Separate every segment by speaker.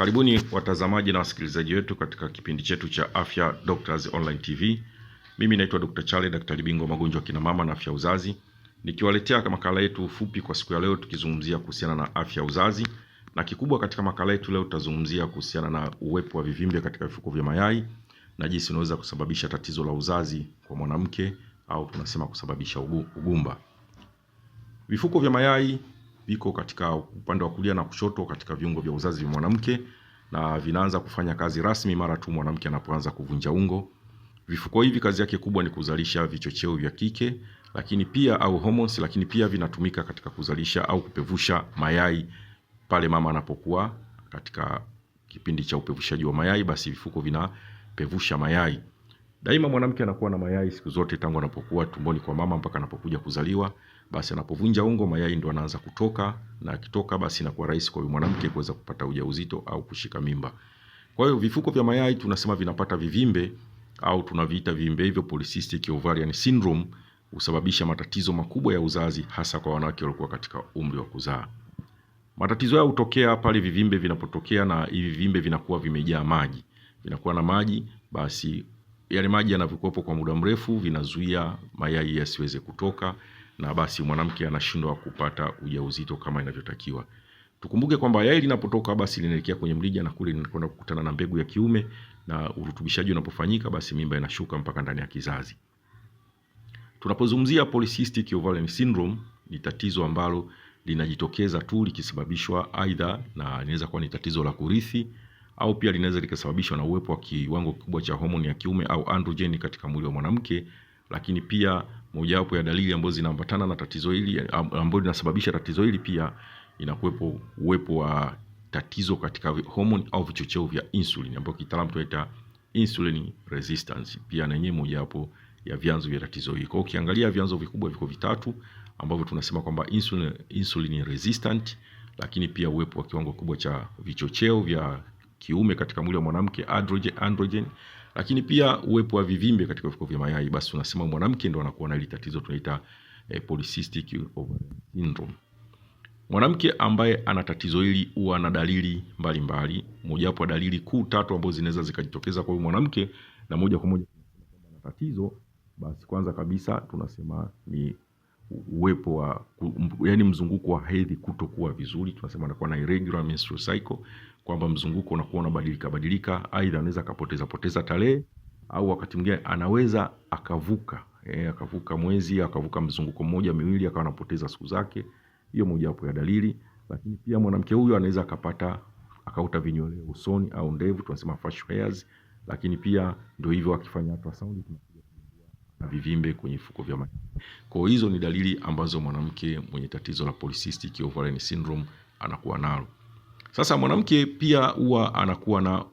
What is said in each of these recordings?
Speaker 1: Karibuni watazamaji na wasikilizaji wetu katika kipindi chetu cha Afya Doctors Online TV. Mimi naitwa Dr. Chale, daktari bingwa magonjwa kina mama na afya uzazi, nikiwaletea makala yetu fupi kwa siku ya leo, tukizungumzia kuhusiana na afya uzazi, na kikubwa katika makala yetu leo tutazungumzia kuhusiana na uwepo wa vivimbe katika vifuko vya mayai na jinsi unaweza kusababisha tatizo la uzazi kwa mwanamke au tunasema kusababisha ugumba. Vifuko vya mayai viko katika upande wa kulia na kushoto katika viungo vya uzazi vya mwanamke na vinaanza kufanya kazi rasmi mara tu mwanamke anapoanza kuvunja ungo. Vifuko hivi kazi yake kubwa ni kuzalisha vichocheo vya kike lakini pia au hormones, lakini pia vinatumika katika kuzalisha au kupevusha mayai pale mama anapokuwa katika kipindi cha upevushaji wa mayai, basi vifuko vinapevusha mayai. Daima mwanamke anakuwa na mayai siku zote tangu anapokuwa tumboni kwa mama mpaka anapokuja kuzaliwa basi anapovunja ungo mayai ndo anaanza kutoka, na akitoka basi inakuwa rahisi kwa mwanamke kuweza kupata ujauzito au kushika mimba. Kwa hiyo vifuko vya mayai tunasema vinapata vivimbe au tunaviita vivimbe hivyo polycystic ovarian syndrome husababisha matatizo makubwa ya uzazi hasa kwa wanawake waliokuwa katika umri wa kuzaa. Matatizo hayo hutokea pale vivimbe vinapotokea na hivi vivimbe vinakuwa vimejaa maji. Vinakuwa na maji basi yale maji yanavyokuwepo kwa muda mrefu vinazuia mayai yasiweze kutoka na basi mwanamke anashindwa kupata ujauzito kama inavyotakiwa. Tukumbuke kwamba yai linapotoka basi linaelekea kwenye mlija na kule linakwenda kukutana na mbegu ya kiume, na urutubishaji unapofanyika basi mimba inashuka mpaka ndani ya kizazi. Tunapozungumzia polycystic ovarian syndrome, ni tatizo ambalo linajitokeza tu likisababishwa aidha, na inaweza kuwa ni tatizo la kurithi au pia linaweza likasababishwa na uwepo wa kiwango kikubwa cha homoni ya kiume au androjeni katika mwili wa mwanamke, lakini pia mojawapo ya dalili ambazo zinaambatana na tatizo hili ambayo linasababisha tatizo hili pia inakuwepo uwepo wa tatizo katika homoni au vichocheo vya insulin ambayo kitaalamu tunaita insulin resistance, pia na yenyewe mojawapo ya vyanzo vya tatizo hili. Kwa hiyo ukiangalia vyanzo vikubwa viko vitatu ambavyo tunasema kwamba insulin, insulin resistant, lakini pia uwepo wa kiwango kikubwa cha vichocheo vya kiume katika mwili wa mwanamke androgen, androgen lakini pia uwepo wa vivimbe katika vifuko vya mayai, basi tunasema mwanamke ndo anakuwa na ile tatizo tunaita eh, polycystic ovary syndrome. Mwanamke ambaye ana tatizo hili huwa na dalili mbalimbali, mojawapo dalili kuu tatu ambazo zinaweza zikajitokeza kwa huyu mwanamke na moja kwa moja na tatizo, basi kwanza kabisa tunasema ni uwepo wa yani mzunguko wa hedhi kutokuwa vizuri, tunasema anakuwa na irregular menstrual cycle kwamba mzunguko unakuwa unabadilika badilika, aidha anaweza akapoteza poteza tarehe au wakati mwingine anaweza akavuka e, akavuka mwezi akavuka mzunguko mmoja miwili, akawa anapoteza siku zake. Hiyo mojawapo ya dalili, lakini pia mwanamke huyo anaweza akapata akauta vinywele usoni au ndevu, tunasema facial hairs. Lakini pia ndio hivyo, akifanya ultrasound na vivimbe kwenye fuko vya maji. Kwa hizo ni dalili ambazo mwanamke mwenye tatizo la polycystic ovarian syndrome anakuwa nalo. Sasa mwanamke pia huwa anakuwa na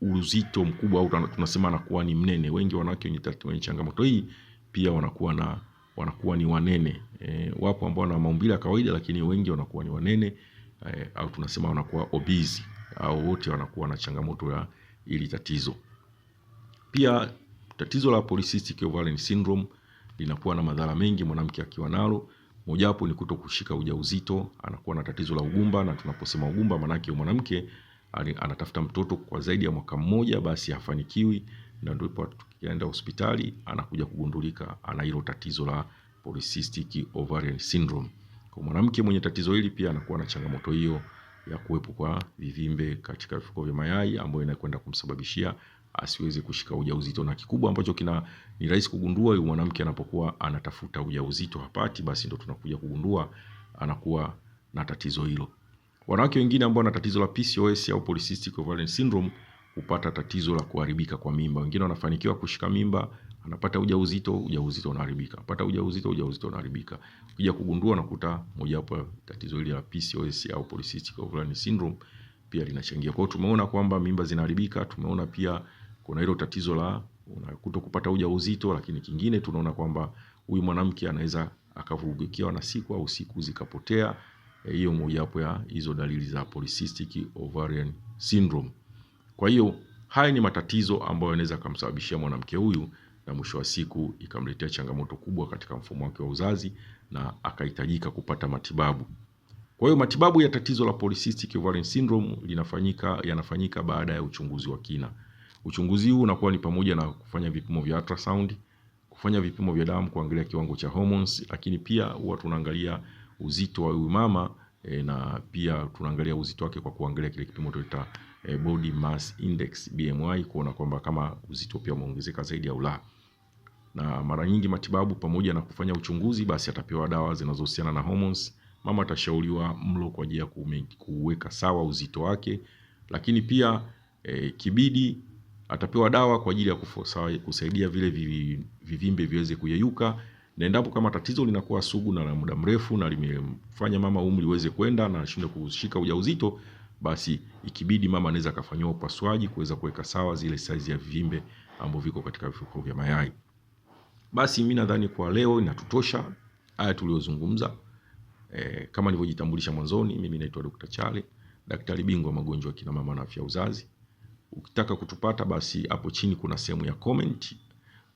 Speaker 1: uzito mkubwa au tunasema anakuwa ni mnene. Wengi wanawake wenye changamoto hii pia wanakuwa na wanakuwa ni wanene. E, wapo ambao wana maumbile ya kawaida lakini wengi wanakuwa ni wanene e, au tunasema wanakuwa obese au wote wanakuwa na changamoto ya ili tatizo. Pia tatizo la polycystic ovarian syndrome linakuwa na madhara mengi mwanamke akiwa nalo. Mojawapo ni kuto kushika ujauzito, anakuwa na tatizo la ugumba, na tunaposema ugumba maanake mwanamke anatafuta mtoto kwa zaidi ya mwaka mmoja, basi hafanikiwi, na ndipo tukienda hospitali anakuja kugundulika ana hilo tatizo la polycystic ovarian syndrome. Kwa mwanamke mwenye tatizo hili pia anakuwa na changamoto hiyo ya kuwepo kwa vivimbe katika vifuko vya mayai ambayo inakwenda kumsababishia asiweze kushika ujauzito, na kikubwa ambacho kina ni rahisi kugundua yule mwanamke anapokuwa anatafuta ujauzito hapati, basi ndo tunakuja kugundua anakuwa na tatizo hilo. Wanawake wengine ambao na tatizo la PCOS au polycystic ovarian syndrome hupata tatizo la kuharibika kwa mimba. Wengine wanafanikiwa kushika mimba, anapata ujauzito, ujauzito unaharibika, anapata ujauzito, ujauzito unaharibika. Ukija kugundua unakuta moja wapo tatizo hili la PCOS au polycystic ovarian syndrome pia linachangia. Kwa hiyo tumeona kwamba mimba zinaharibika, tumeona pia kuna hilo tatizo la unakuta kupata ujauzito, lakini kingine tunaona kwamba huyu mwanamke anaweza akavurugikiwa na siku au siku zikapotea. E, hiyo e, mojawapo ya hizo dalili za polycystic ovarian syndrome. Kwa hiyo haya ni matatizo ambayo yanaweza kumsababishia mwanamke huyu na mwisho wa siku ikamletea changamoto kubwa katika mfumo wake wa uzazi na akahitajika kupata matibabu. Kwa hiyo matibabu ya tatizo la polycystic ovarian syndrome linafanyika yanafanyika baada ya uchunguzi wa kina. Uchunguzi huu unakuwa ni pamoja na kufanya vipimo vya ultrasound, kufanya vipimo vya damu kuangalia kiwango cha hormones, lakini pia huwa tunaangalia uzito wa huyu mama e, na pia tunaangalia uzito wake kwa kuangalia kile kipimo tunaita e, body mass index BMI, kuona kwamba kama uzito pia umeongezeka zaidi au la. Na mara nyingi matibabu pamoja na kufanya uchunguzi, basi atapewa dawa zinazohusiana na hormones. Mama atashauriwa mlo kwa ajili ya kuweka sawa uzito wake, lakini pia e, kibidi atapewa dawa kwa ajili ya kusaidia vile vivimbe viweze kuyeyuka, na endapo kama tatizo linakuwa sugu na la muda mrefu na limemfanya mama umri uweze kwenda na anashindwa kushika ujauzito, basi ikibidi mama anaweza akafanyiwa upasuaji kuweza kuweka sawa zile saizi ya vivimbe ambavyo viko katika vifuko vya mayai. Basi mimi nadhani kwa leo inatutosha haya tuliyozungumza. E, kama nilivyojitambulisha mwanzoni, mimi naitwa Dr. Chale, daktari bingwa magonjwa ya kina mama na afya uzazi. Ukitaka kutupata basi, hapo chini kuna sehemu ya comment,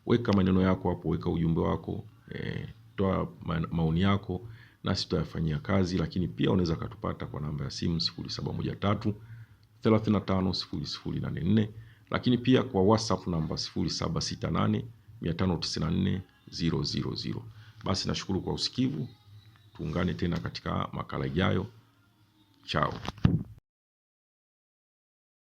Speaker 1: weka maneno yako hapo, weka ujumbe wako e, toa ma maoni yako nasi tutayafanyia kazi, lakini pia unaweza katupata kwa namba ya simu 0713 350084 lakini pia kwa WhatsApp namba 0768 594 000. Basi nashukuru kwa usikivu, tuungane tena katika makala ijayo. Chao.